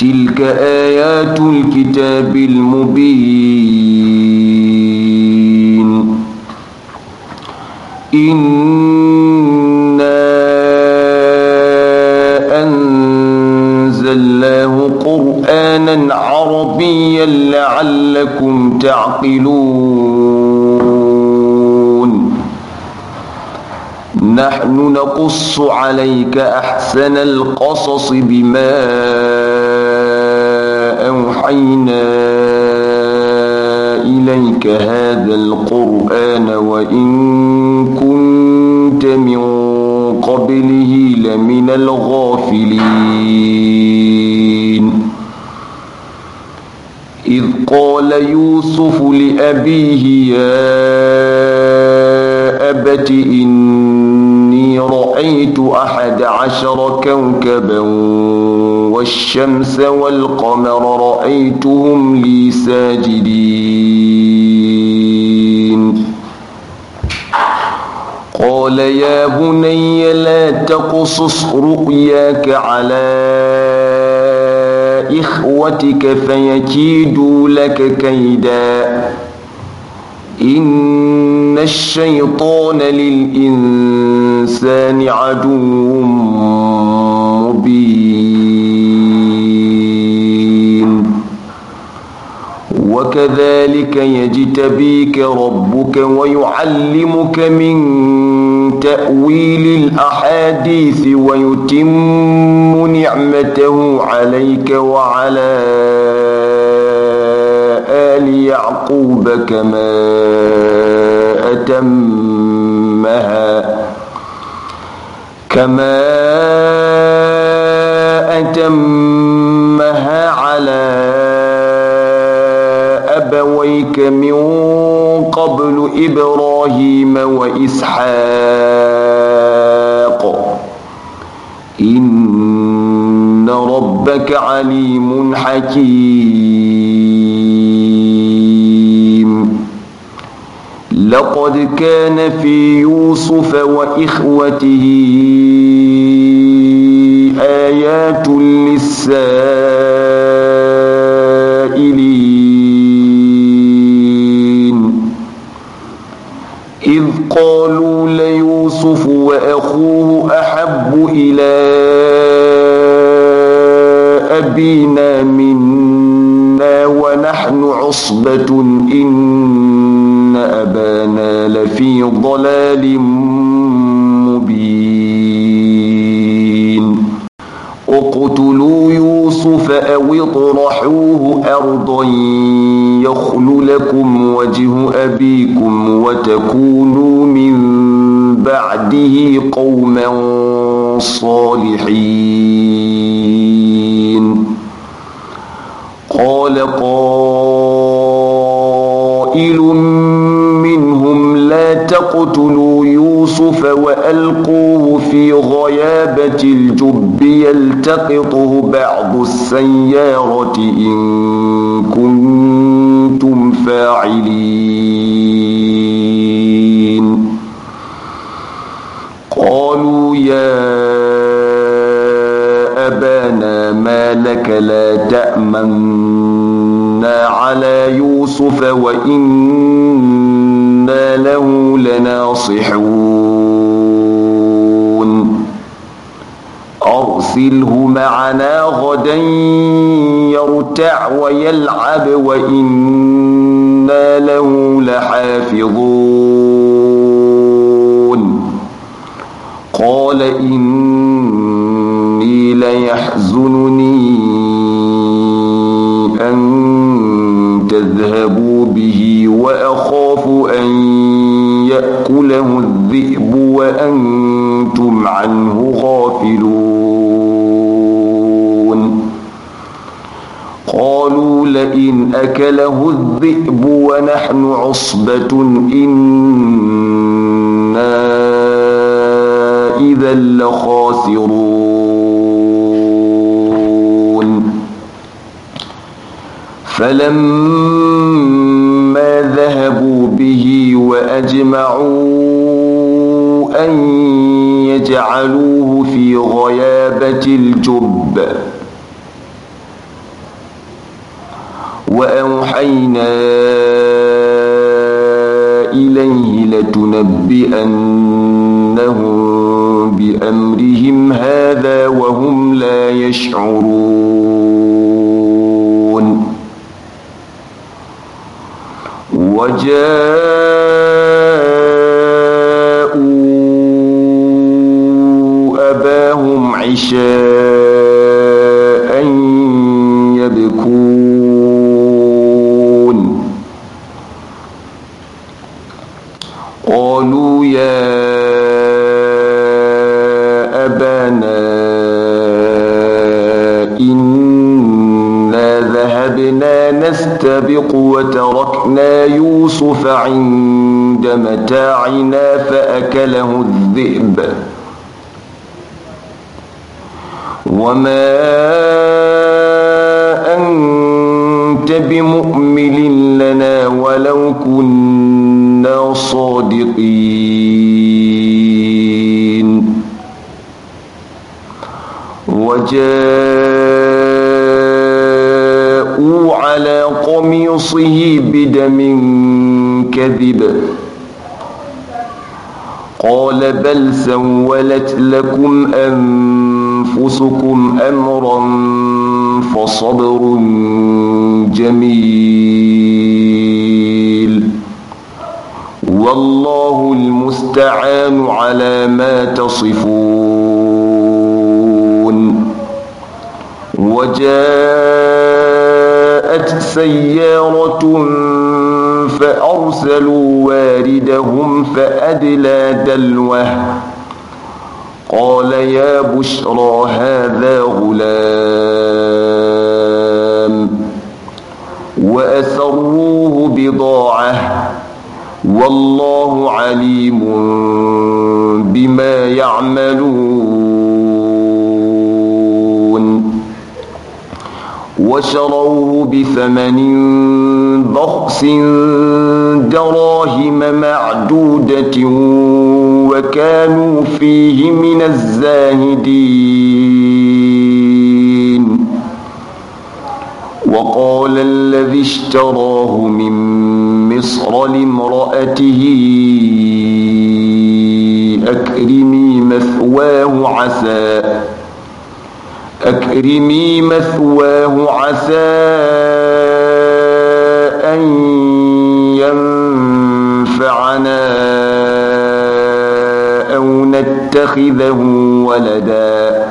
تلك آيات الكتاب المبين إنا أنزلناه قرآنا عربيا لعلكم تعقلون نحن نقص عليك أحسن القصص بما أوحينا إليك هذا القرآن وإن كنت من قبله لمن الغافلين إذ قال يوسف لأبيه يا أبت إني رأيت أحد عشر كوكبا والشمس والقمر رأيتهم لي ساجدين قال يا بني لا تقصص رؤياك على إخوتك فيكيدوا لك كيدا إن الشيطان للإنسان عدو مبين وكذلك يجتبيك ربك ويعلمك من تأويل الأحاديث ويتم نعمته عليك وعلى آل يعقوب كما أتمها كما أتمها على أبويك من قبل إبراهيم وإسحاق إن ربك عليم حكيم لقد كان في يوسف وإخوته آيات للسائل قالوا ليوسف وأخوه أحب إلى أبينا منا ونحن عصبة إن أبانا لفي ضلال مبين اقتلوا يوسف أو اطرحوه أرضا يخل لكم وجه أبيكم وتكونوا بعده قوما صالحين قال قائل منهم لا تقتلوا يوسف وألقوه في غيابة الجب يلتقطه بعض السيارة إن كنتم فاعلين يا أبانا ما لك لا تأمنا على يوسف وإنا له لناصحون أرسله معنا غدا يرتع ويلعب وإنا له لحافظون قال إني ليحزنني أن تذهبوا به وأخاف أن يأكله الذئب وأنتم عنه غافلون قالوا لئن أكله الذئب ونحن عصبة إنا إذا لخاسرون فلما ذهبوا به وأجمعوا أن يجعلوه في غيابة الجب وأوحينا إليه لتنبئن إنهم بأمرهم هذا وهم لا يشعرون وجاءوا أباهم عشاء يبكون قالوا يا نسرق وتركنا يوسف عند متاعنا فأكله الذئب وما أنت بمؤمن لنا ولو كنا صادقين وجاء كذب قال بل سولت لكم أنفسكم أمرا فصبر جميل والله المستعان على ما تصفون وجاءت سيارة فأرسلوا واردهم فأدلى دلوه قال يا بشرى هذا غلام وأسروه بضاعة والله عليم بما يعملون وشروه بثمن بخس دراهم معدودة وكانوا فيه من الزاهدين وقال الذي اشتراه من مصر لامرأته أكرمي مثواه عسى أكرمي مثواه عسى أن ينفعنا أو نتخذه ولدا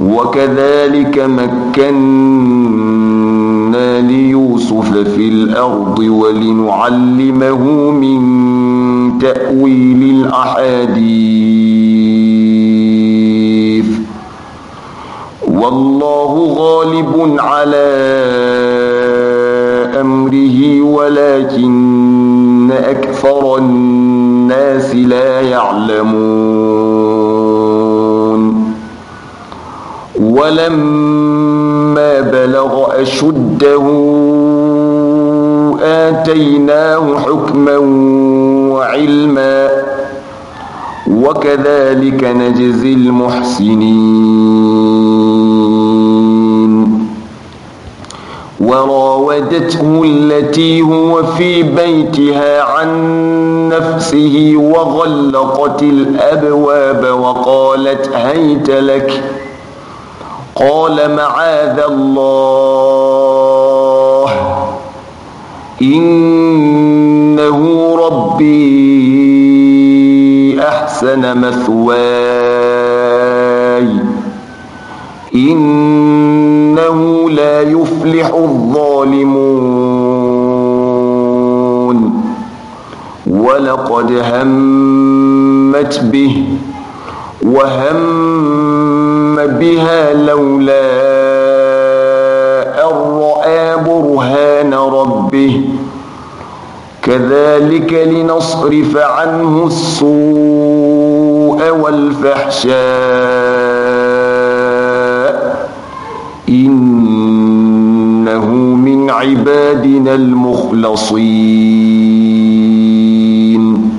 وكذلك مكنا ليوسف في الأرض ولنعلمه من تأويل الأحاديث والله غالب على أمره ولكن أكثر الناس لا يعلمون ولما بلغ أشده آتيناه حكما وعلما وكذلك نجزي المحسنين وراودته التي هو في بيتها عن نفسه وغلقت الأبواب وقالت هيت لك قال معاذ الله إنه ربي أحسن مثواي إن يفلح الظالمون ولقد همت به وهم بها لولا أن رأى برهان ربه كذلك لنصرف عنه السوء والفحشاء إنه من عبادنا المخلصين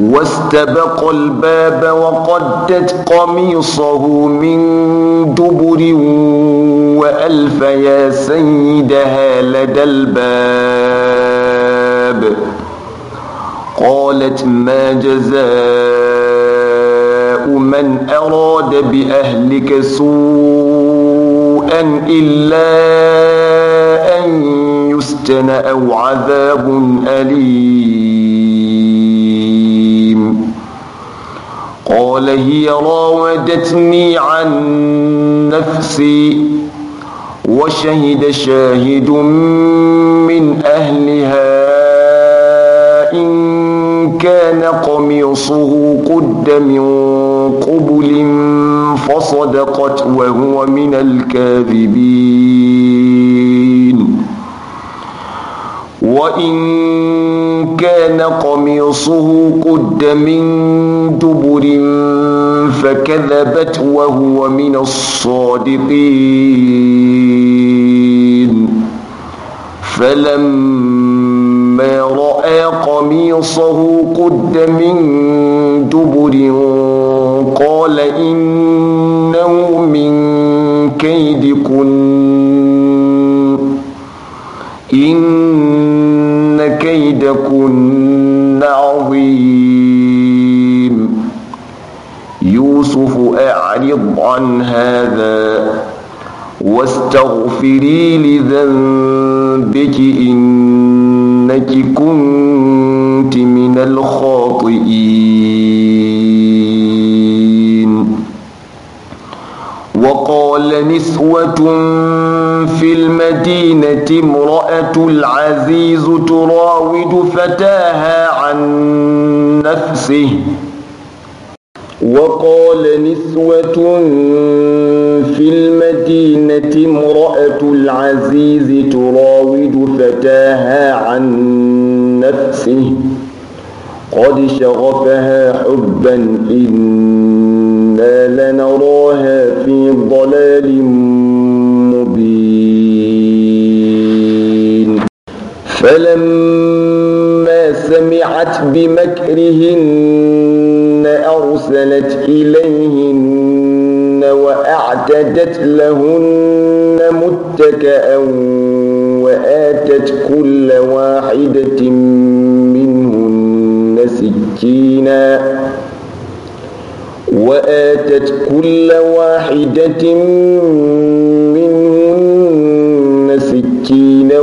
واستبق الباب وقدت قميصه من دبر وألف يا سيدها لدى الباب قالت ما جزاء من أراد بأهلك سوء شيئا إلا أن يسجن أو عذاب أليم قال هي راودتني عن نفسي وشهد شاهد من أهلها إن كان قميصه قد من قبل فصدقت وهو من الكاذبين وإن كان قميصه قد من دبر فكذبت وهو من الصادقين فلما رأى قميصه قد من دبر قال إنه من كيدكن إن كيدكن عظيم يوسف أعرض عن هذا واستغفري لذنبك إنك كنت من الخاسرين وقال نسوة في المدينة امرأة العزيز تراود فتاها عن نفسه وقال نسوة في المدينة امرأة العزيز تراود فتاها عن نفسه قد شغفها حبا إن إنا لنراها في ضلال مبين فلما سمعت بمكرهن أرسلت إليهن وأعتدت لهن متكأ وآتت كل واحدة منهن سكينا وآتت كل واحدة منهن سكينا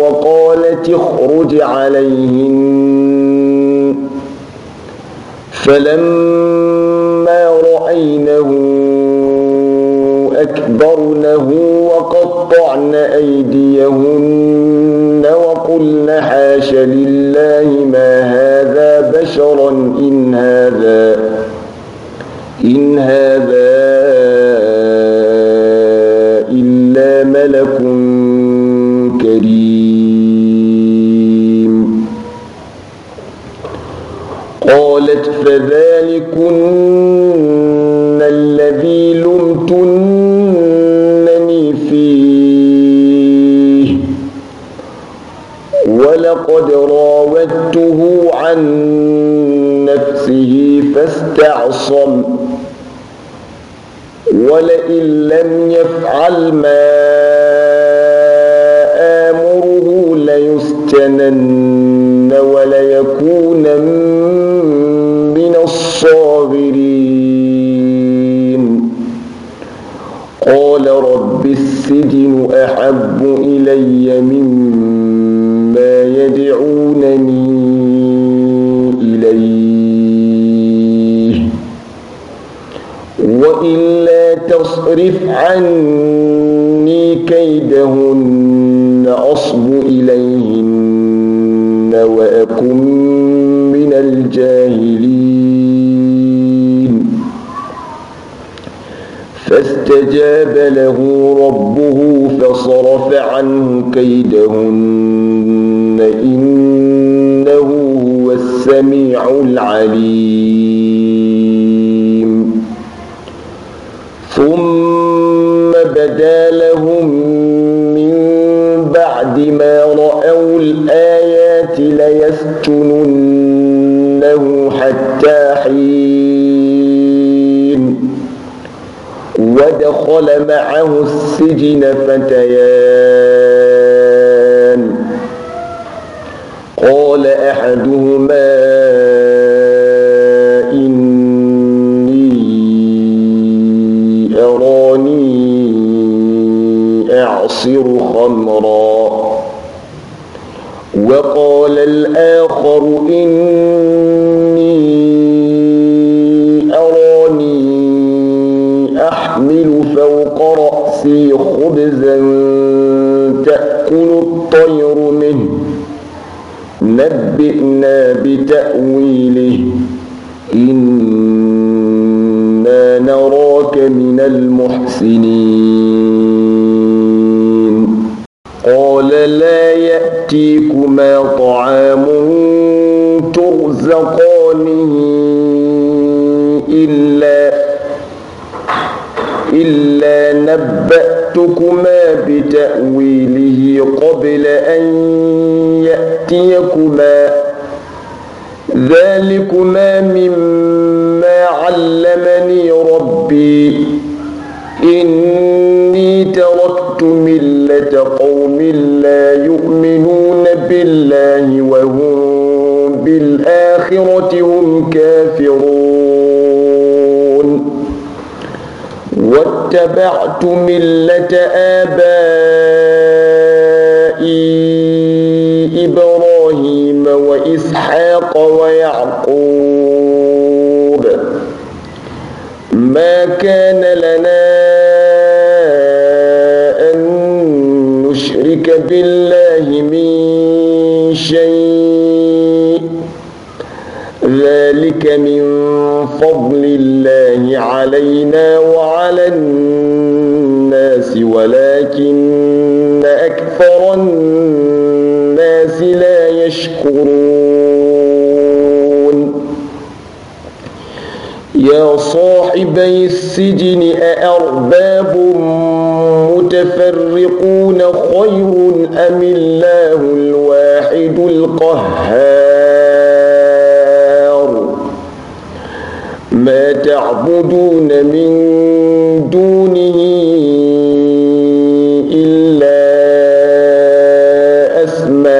وقالت اخرج عليهن فلما رأينه أكبرنه وقطعن أيديهن وقلن حاش لله ما هذا بشرا إن هذا تعصم ولئن لم يفعل ما آمره ليسجنن السميع العليم ثم بدا لهم من بعد ما رأوا الآيات ليسجننه حتى حين ودخل معه السجن فتيان أحدهما إني أراني أعصر خمرا وقال الآخر إني نبئنا بتأويله إنا نراك من المحسنين قال لا يأتيكما طعام ترزقانه إلا إلا نبأ أخبرتكما بتأويله قبل أن يأتيكما ذلكما مما علمني ربي إني تركت ملة قوم لا يؤمنون بالله وهم بالآخرة هم كافرون واتبعت ملة آبائي إبراهيم وإسحاق ويعقوب ما كان لنا أن نشرك بالله من شيء ذلك من فضل الله علينا وعلى الناس ولكن أكثر الناس لا يشكرون يا صاحبي السجن أأرباب متفرقون خير أم الله الواحد القهار تعبدون من دونه إلا أسماء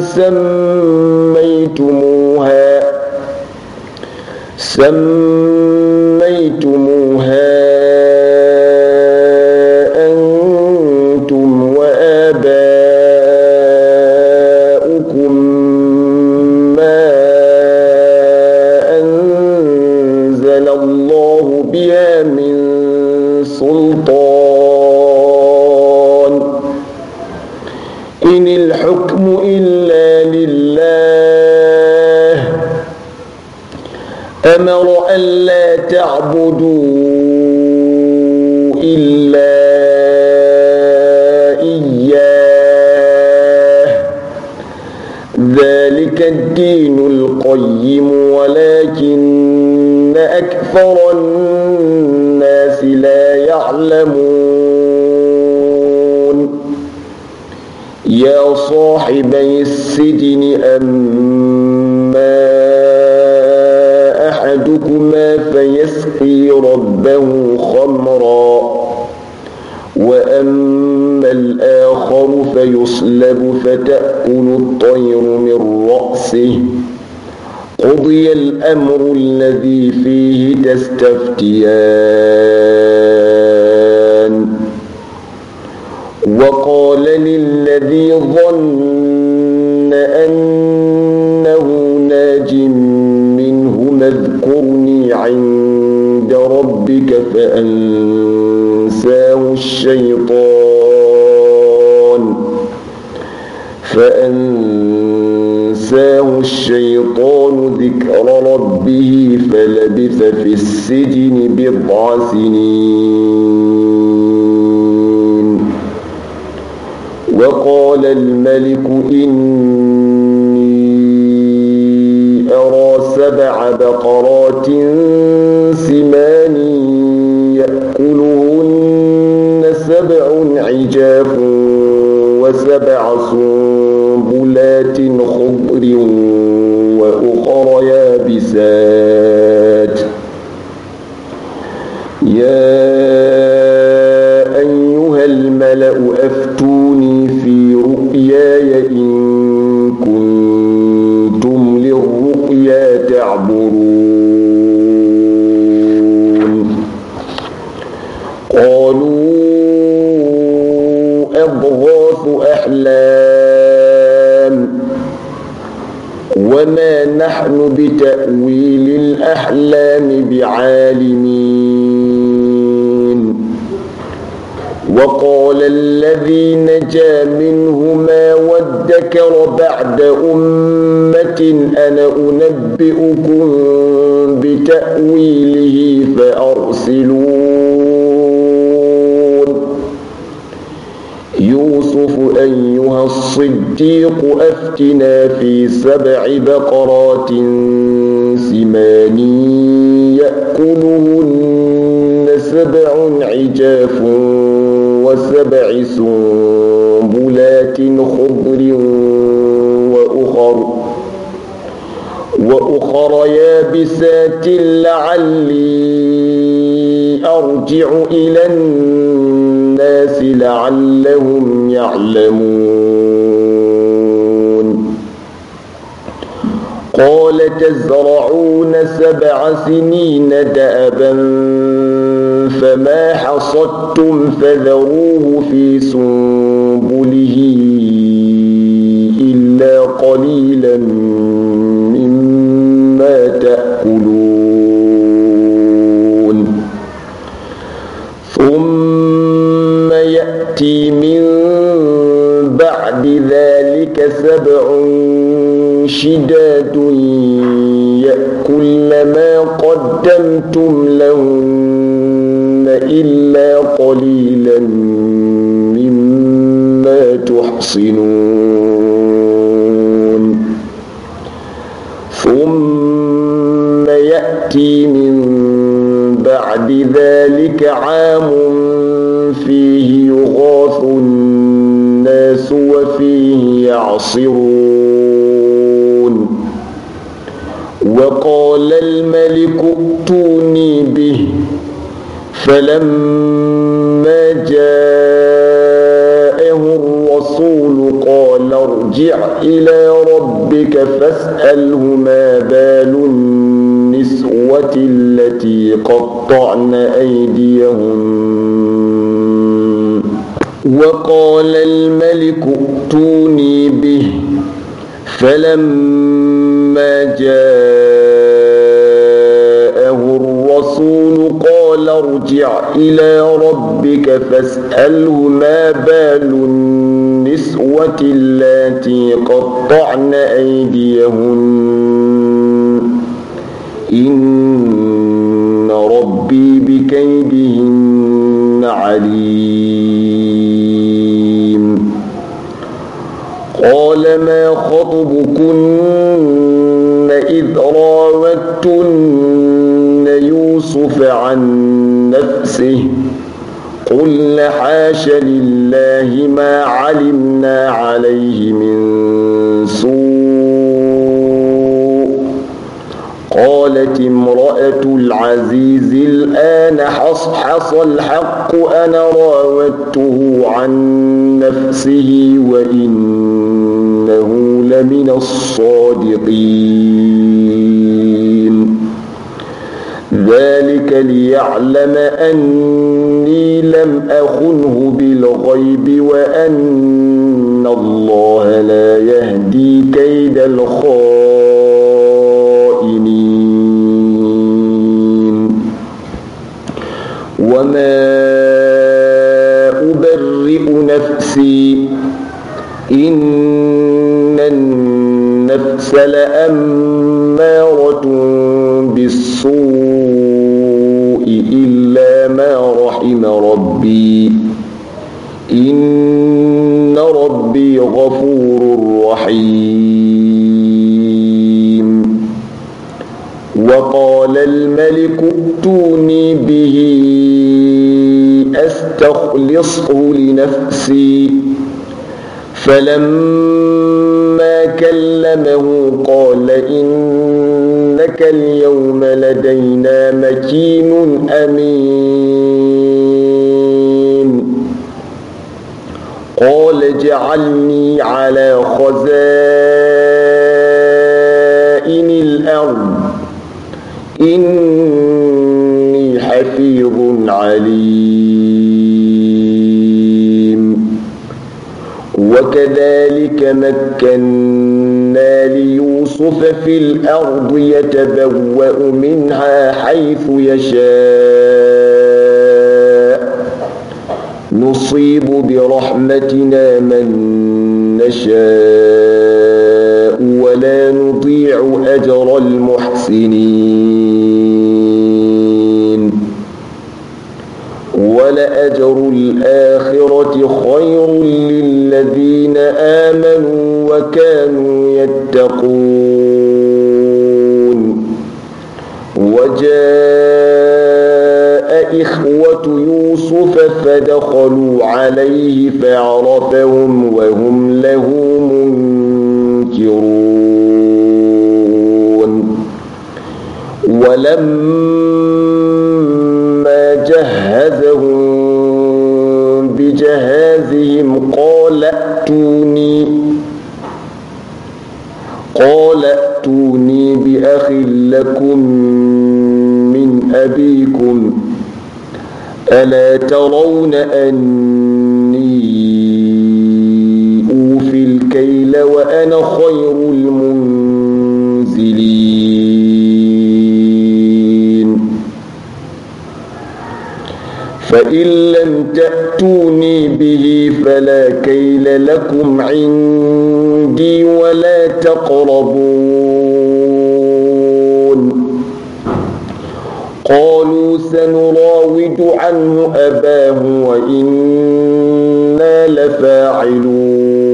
سميتموها سميتموها تعبدوا إلا إياه ذلك الدين القيم ولكن أكثر الناس لا يعلمون يا صاحبي السجن أما أحدكما فيسقي ربه خمرا وأما الآخر فيصلب فتأكل الطير من رأسه قضي الأمر الذي فيه تستفتيان وقال للذي ظن أنه ناج منه قلنا اذكرني عند ربك فأنساه الشيطان فأنساه الشيطان ذكر ربه فلبث في السجن بضع سنين وقال الملك إن سبع بقرات سمان يأكلهن سبع عجاف وسبع سنبلات خضر وأخر يابسات يا أيها الملأ أفتوني في رؤياي إن وما نحن بتأويل الأحلام بعالمين وقال الذي نجا منهما وادكر بعد أمة أنا أنبئكم بتأويله فأرسلون يوسف أيها الصديق أفتنا في سبع بقرات سمان يأكلهن سبع عجاف وسبع سنبلات خضر وأخر وأخر يابسات لعلي أرجع إلى الناس لعلهم يعلمون قال تزرعون سبع سنين دأبا فما حصدتم فذروه في سنبله إلا قليلا سبع شداد يأكل ما قدمتم لهن إلا قليلا مما تحصنون ثم يأتي من بعد ذلك عام فيه يغاث الناس الناس وفيه يعصرون وقال الملك ائتوني به فلما جاءه الرسول قال ارجع إلى ربك فاسأله ما بال النسوة التي قطعن أيديهن وقال الملك ائتوني به فلما جاءه الرسول قال ارجع إلى ربك فاسأله ما بال النسوة التي قطعن أيديهن إن ربي بكيدهن عليم قال ما خطبكن إذ راوتن يوسف عن نفسه قل حاش لله ما علمنا عليه من سوء قالت امرأة العزيز الآن حصحص الحق أنا راودته عن نفسه وإنه لمن الصادقين ذلك ليعلم أني لم أخنه بالغيب وأن الله لا يهدي كيد الخائن نفسي إن النفس لأمارة بالسوء إلا ما رحم ربي إن ربي غفور رحيم وقال الملك ائتوني به أستخلصه لنفسي فلما كلمه قال إنك اليوم لدينا مكين أمين قال جعلني على خزائن الأرض إني حفيظ عليم وكذلك مكنا ليوسف في الأرض يتبوأ منها حيث يشاء نصيب برحمتنا من نشاء ولا نضيع أجر المحسنين ولأجر الآخرة خير للذين آمنوا وكانوا يتقون وجاء إخوة يوسف فدخلوا عليه فعرفهم وهم له منكرون ولما أتوني قال ائتوني بأخ لكم من أبيكم ألا ترون أني أوفي الكيل وأنا خير المؤمنين فإن لم تأتوني به فلا كيل لكم عندي ولا تقربون قالوا سنراود عنه أباه وإنا لفاعلون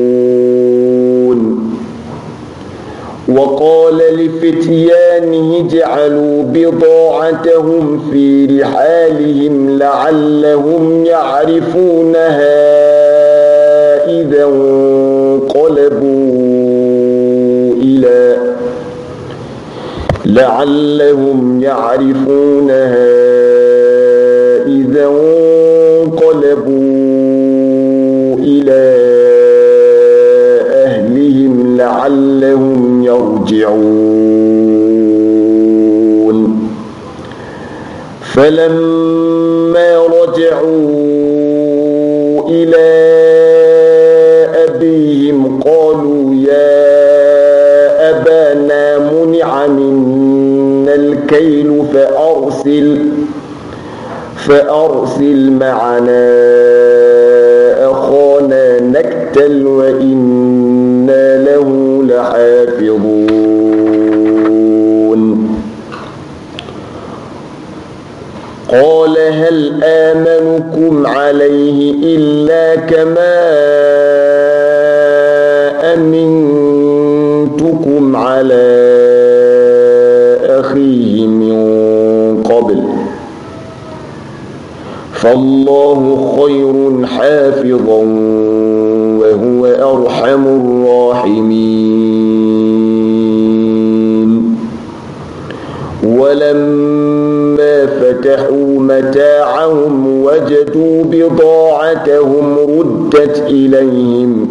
وقال لفتيانه اجعلوا بضاعتهم في رحالهم لعلهم يعرفونها إذا انقلبوا إلى لعلهم يعرفونها يرجعون فلما رجعوا إلى أبيهم قالوا يا أبانا منع منا الكيل فأرسل فأرسل معنا أخانا نكتل وإنا قال هل آمنكم عليه إلا كما أمنتكم على أخيه من قبل فالله خير حافظا وهو أرحم متاعهم وجدوا بضاعتهم ردت إليهم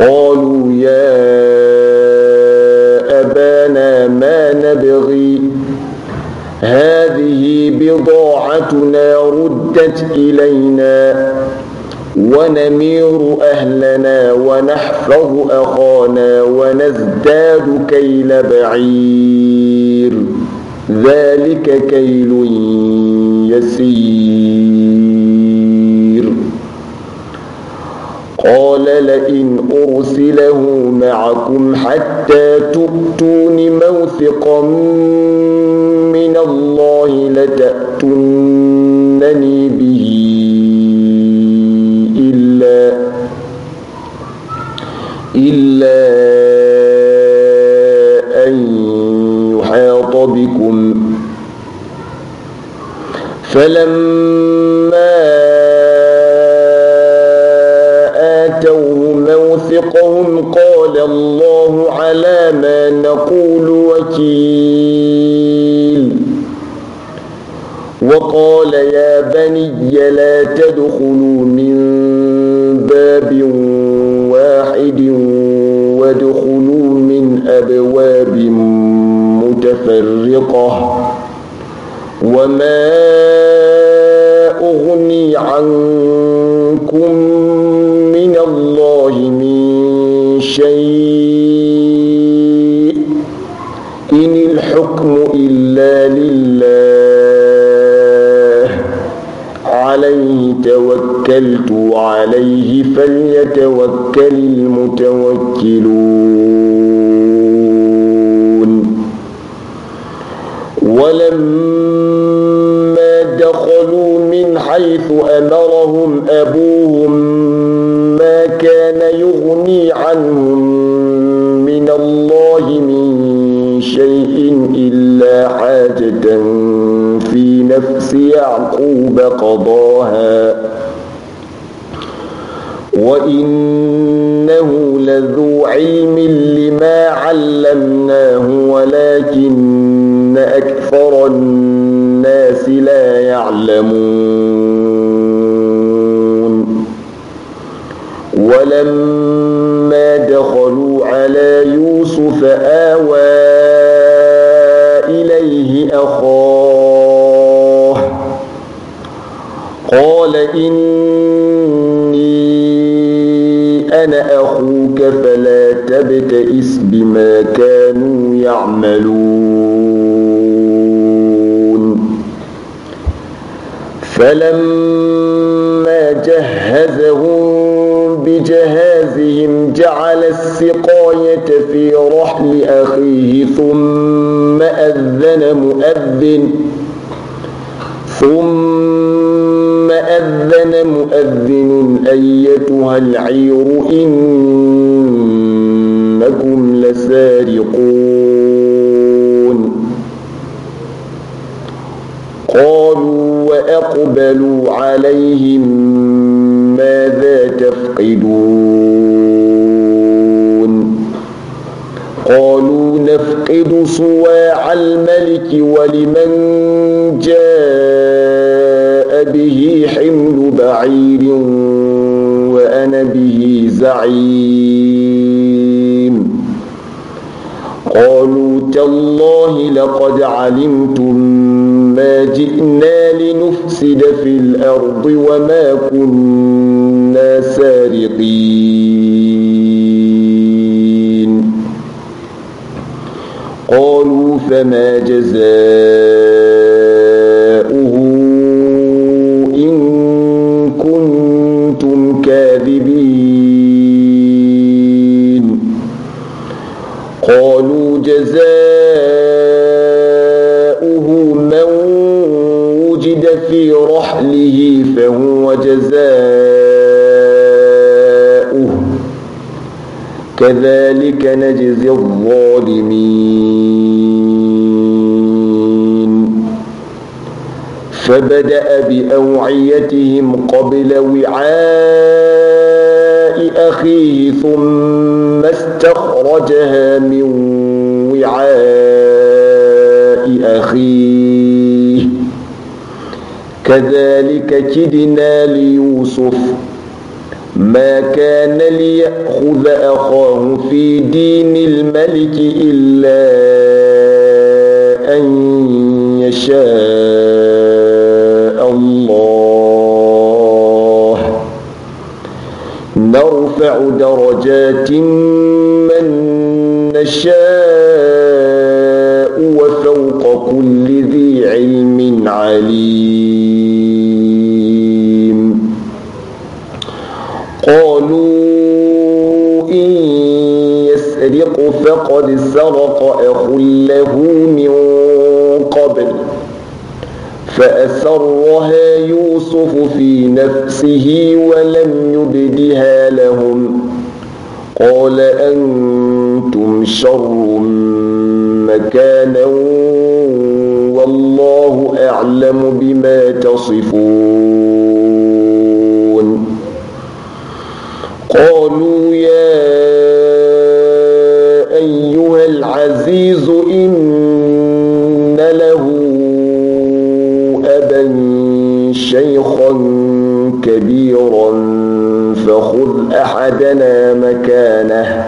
قالوا يا أبانا ما نبغي هذه بضاعتنا ردت إلينا ونمير أهلنا ونحفظ أخانا ونزداد كيل بعير ذلك كيل يسير قال لئن أرسله معكم حتى تؤتون موثقا من الله لتأتونني به إلا إلا فلما آتوه موثقهم قال الله على ما نقول وكيل وقال يا بني لا تدخلوا من باب واحد وادخلوا من أبواب متفرقة وما أغني عنكم من الله من شيء إن الحكم إلا لله عليه توكلت وعليه فليتوكل المتوكلون ولما حيث أمرهم أبوهم ما كان يغني عنهم من الله من شيء إلا حاجة في نفس يعقوب قضاها وإنه لذو علم لما علمناه ولكن أكثر الناس لا يعلمون فلما دخلوا على يوسف آوى إليه أخاه قال إني أنا أخوك فلا تبتئس بما كانوا يعملون فلما fotografia علمتم ما جئنا لنفسد في الأرض وما كنا سارقين قالوا فما جزاؤ كذلك نجزي الظالمين فبدأ بأوعيتهم قبل وعاء أخيه ثم استخرجها من وعاء أخيه كذلك كدنا ليوسف ما كان ليأخذ أخاه في دين الملك إلا أن يشاء الله نرفع درجات من نشاء وفوق كل ذي علم عليم إن يسرق فقد سرق أخ له من قبل فأسرها يوسف في نفسه ولم يبدها لهم قال أنتم شر مكانا والله أعلم بما تصفون قالوا يا أيها العزيز إن له أبا شيخا كبيرا فخذ أحدنا مكانه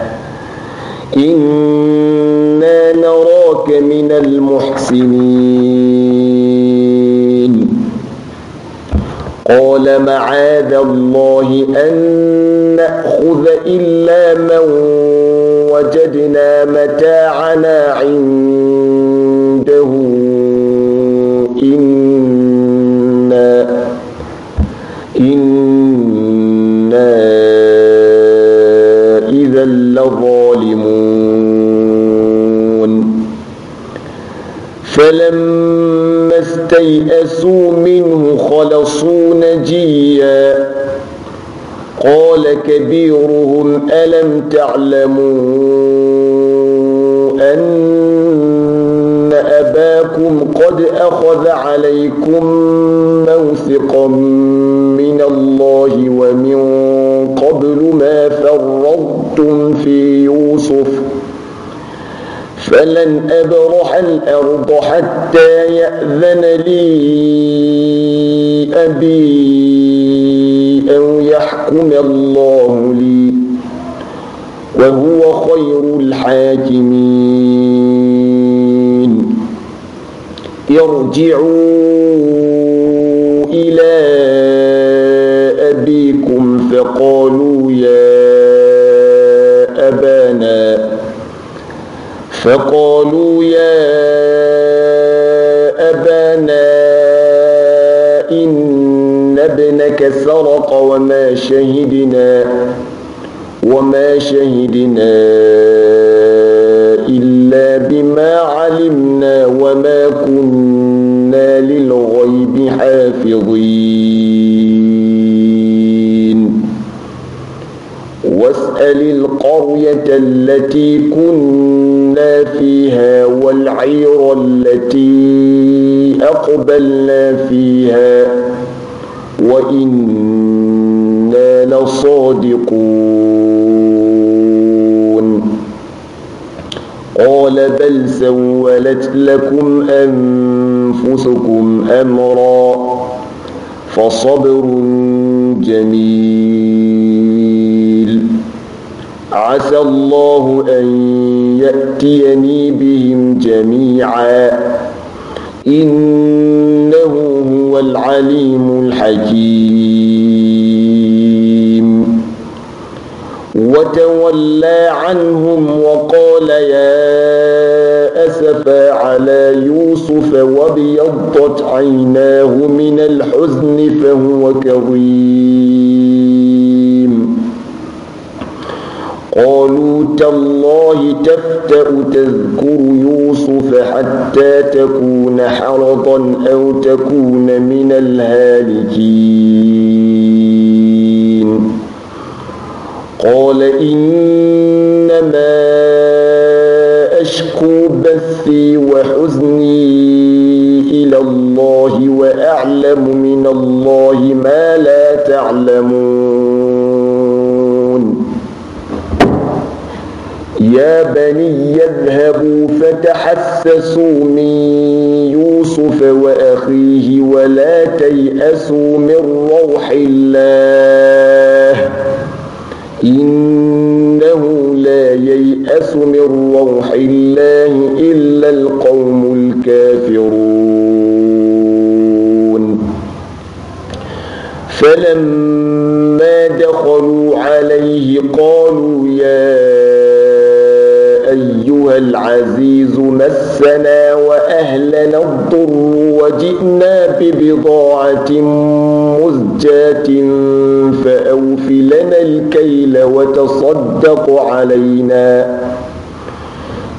إنا نراك من المحسنين قال معاذ الله أن نأخذ إلا من وجدنا متاعنا عنده إنا إنا إذا لظالمون فلما استيئسوا منه خلصوا نجياً قال كبيرهم ألم تعلموا أن أباكم قد أخذ عليكم موثقا من الله ومن قبل ما فرضتم في يوسف فلن أبرح الأرض حتى يأذن لي أبي أو يحيى يحكم الله لي وهو خير الحاكمين ارجعوا إلى أبيكم فقالوا يا أبانا فقالوا يا أنك سرق وما شهدنا وما شهدنا إلا بما علمنا وما كنا للغيب حافظين واسأل القرية التي كنا فيها والعير التي أقبلنا فيها وإنا لصادقون قال بل سولت لكم أنفسكم أمرا فصبر جميل عسى الله أن يأتيني بهم جميعا إنه العليم الحكيم وتولى عنهم وقال يا أسفى على يوسف وابيضت عيناه من الحزن فهو كظيم قالوا تالله تفتأ تذكر يوسف حتى تكون حرضا أو تكون من الهالكين قال إنما أشكو بثي وحزني إلى الله وأعلم من الله ما لا تعلمون يا بني اذهبوا فتحسسوا من يوسف وأخيه ولا تيأسوا من روح الله إنه لا ييأس من روح الله إلا القوم الكافرون فلما دخلوا عليه قالوا يا العزيز مسنا وأهلنا الضر وجئنا ببضاعة مزجاة فأوف لنا الكيل وتصدق علينا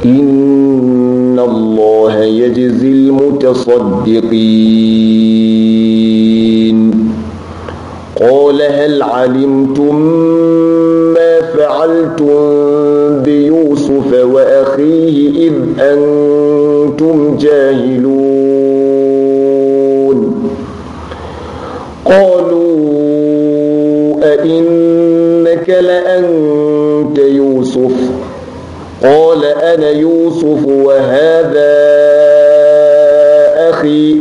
إن الله يجزي المتصدقين قال هل علمتم فعلتم بيوسف وأخيه إذ أنتم جاهلون قالوا أئنك لأنت يوسف قال أنا يوسف وهذا أخي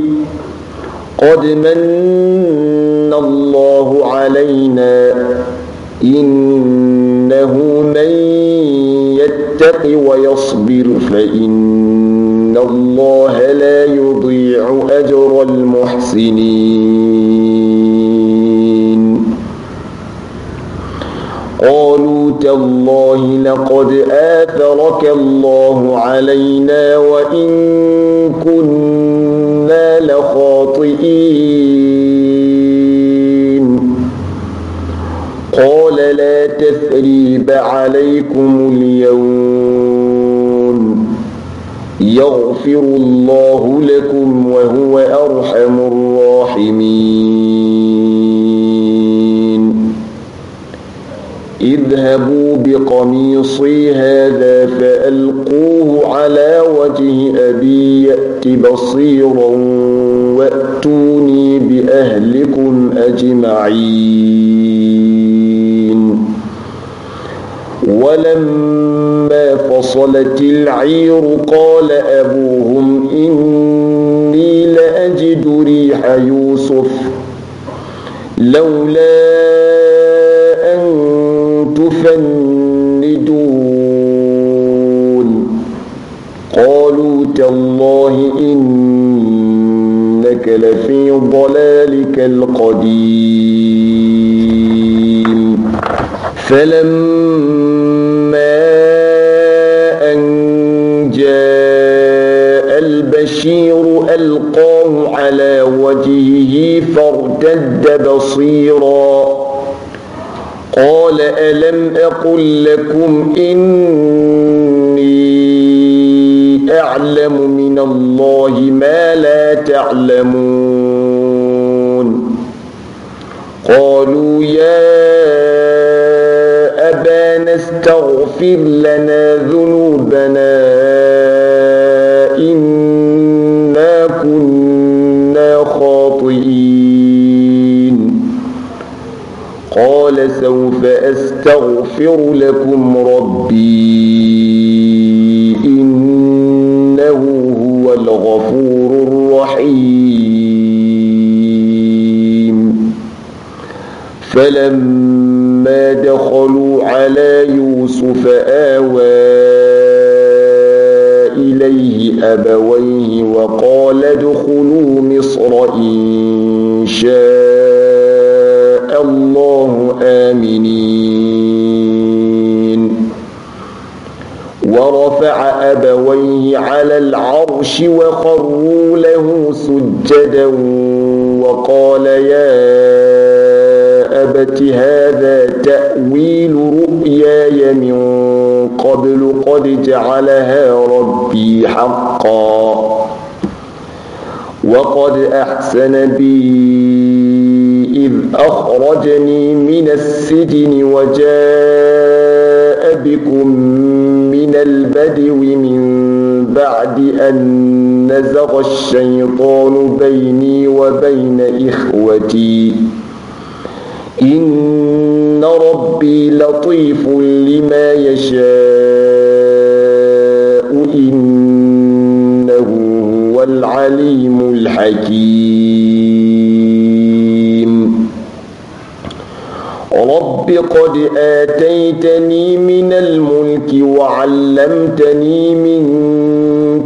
قد من الله علينا إن إنه من يتق ويصبر فإن الله لا يضيع أجر المحسنين قالوا تالله لقد آثرك الله علينا وإن كنا لخاطئين قال لا تثري كتب عليكم اليوم يغفر الله لكم وهو أرحم الراحمين اذهبوا بقميصي هذا فألقوه على وجه أبي يأت بصيرا وأتوني بأهلكم أجمعين ولما فصلت العير قال أبوهم إني لأجد ريح يوسف لولا أن تفندون قالوا تالله إنك لفي ضلالك القديم فلما وجهه فارتد بصيرا قال ألم أقل لكم إني أعلم من الله ما لا تعلمون قالوا يا أبانا استغفر لنا ذنوبنا قال سوف أستغفر لكم ربي إنه هو الغفور الرحيم فلما دخلوا على يوسف آوى إليه أبويه وقال ادخلوا مصر إن شاء الله آمنين ورفع أبويه على العرش وخروا له سجدا وقال يا أبت هذا تأويل رؤياي من قبل قد جعلها ربي حقا وقد أحسن بي أخرجني من السجن وجاء بكم من البدو من بعد أن نزغ الشيطان بيني وبين إخوتي إن ربي لطيف لما يشاء إنه هو العليم الحكيم رب قد آتيتني من الملك وعلمتني من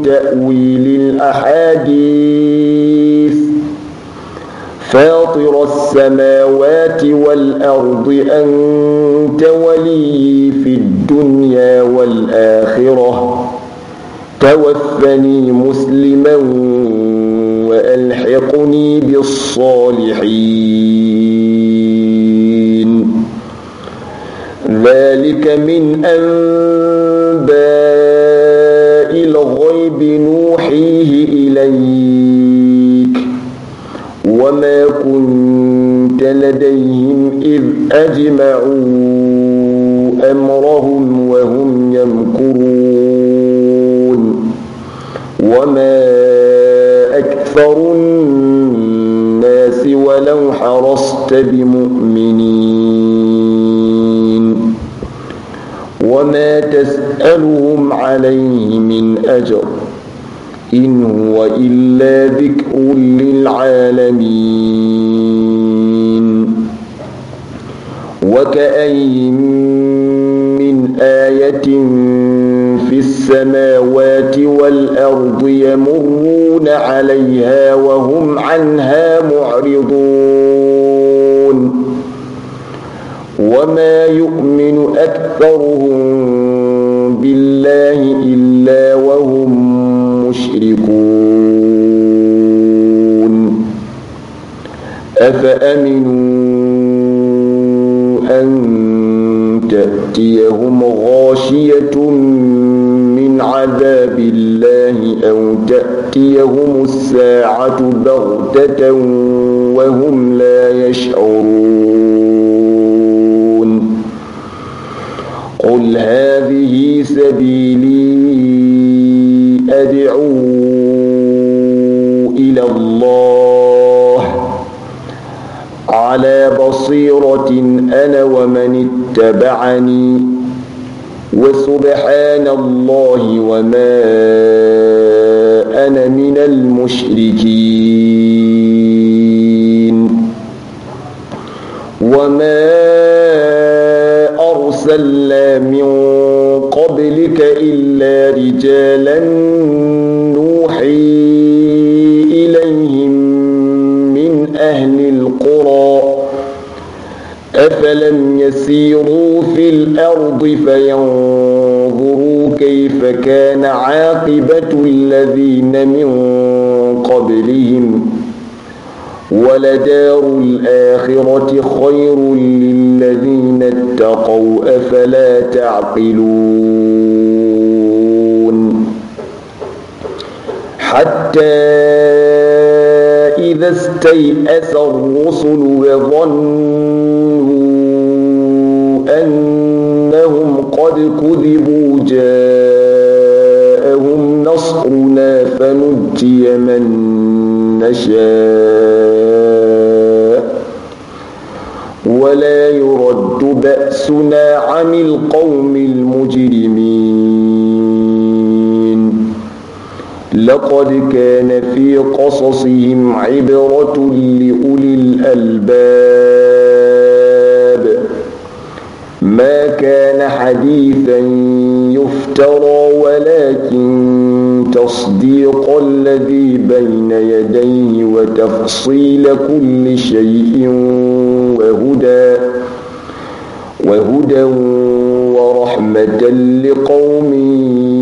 تأويل الأحاديث فاطر السماوات والأرض أنت ولي في الدنيا والآخرة توفني مسلما وألحقني بالصالحين ذلك من أنباء الغيب نوحيه إليك وما كنت لديهم إذ أجمعوا أمرهم وهم يمكرون وما أكثر الناس ولو حرصت بمؤمنين وما تسألهم عليه من أجر إن هو إلا ذكر للعالمين وكأي من آية في السماوات والأرض يمرون عليها وهم عنها معرضون وما يؤمن أكثرهم يعلمون أفأمنوا أن تأتيهم غاشية من عذاب الله أو تأتيهم الساعة بغتة وهم لا يشعرون قل هذه سبيلي بصيرة أنا ومن اتبعني وسبحان الله وما أنا من المشركين وما أرسلنا من قبلك إلا رجالا أفلم يسيروا في الأرض فينظروا كيف كان عاقبة الذين من قبلهم ولدار الآخرة خير للذين اتقوا أفلا تعقلون حتى إذا استيأس الرسل وظنوا أنهم قد كذبوا جاءهم نصرنا فنجي من نشاء ولا يرد بأسنا عن القوم المجرمين لقد كان في قصصهم عبرة لأولي الألباب ما كان حديثا يفترى ولكن تصديق الذي بين يديه وتفصيل كل شيء وهدى وهدى ورحمة لقوم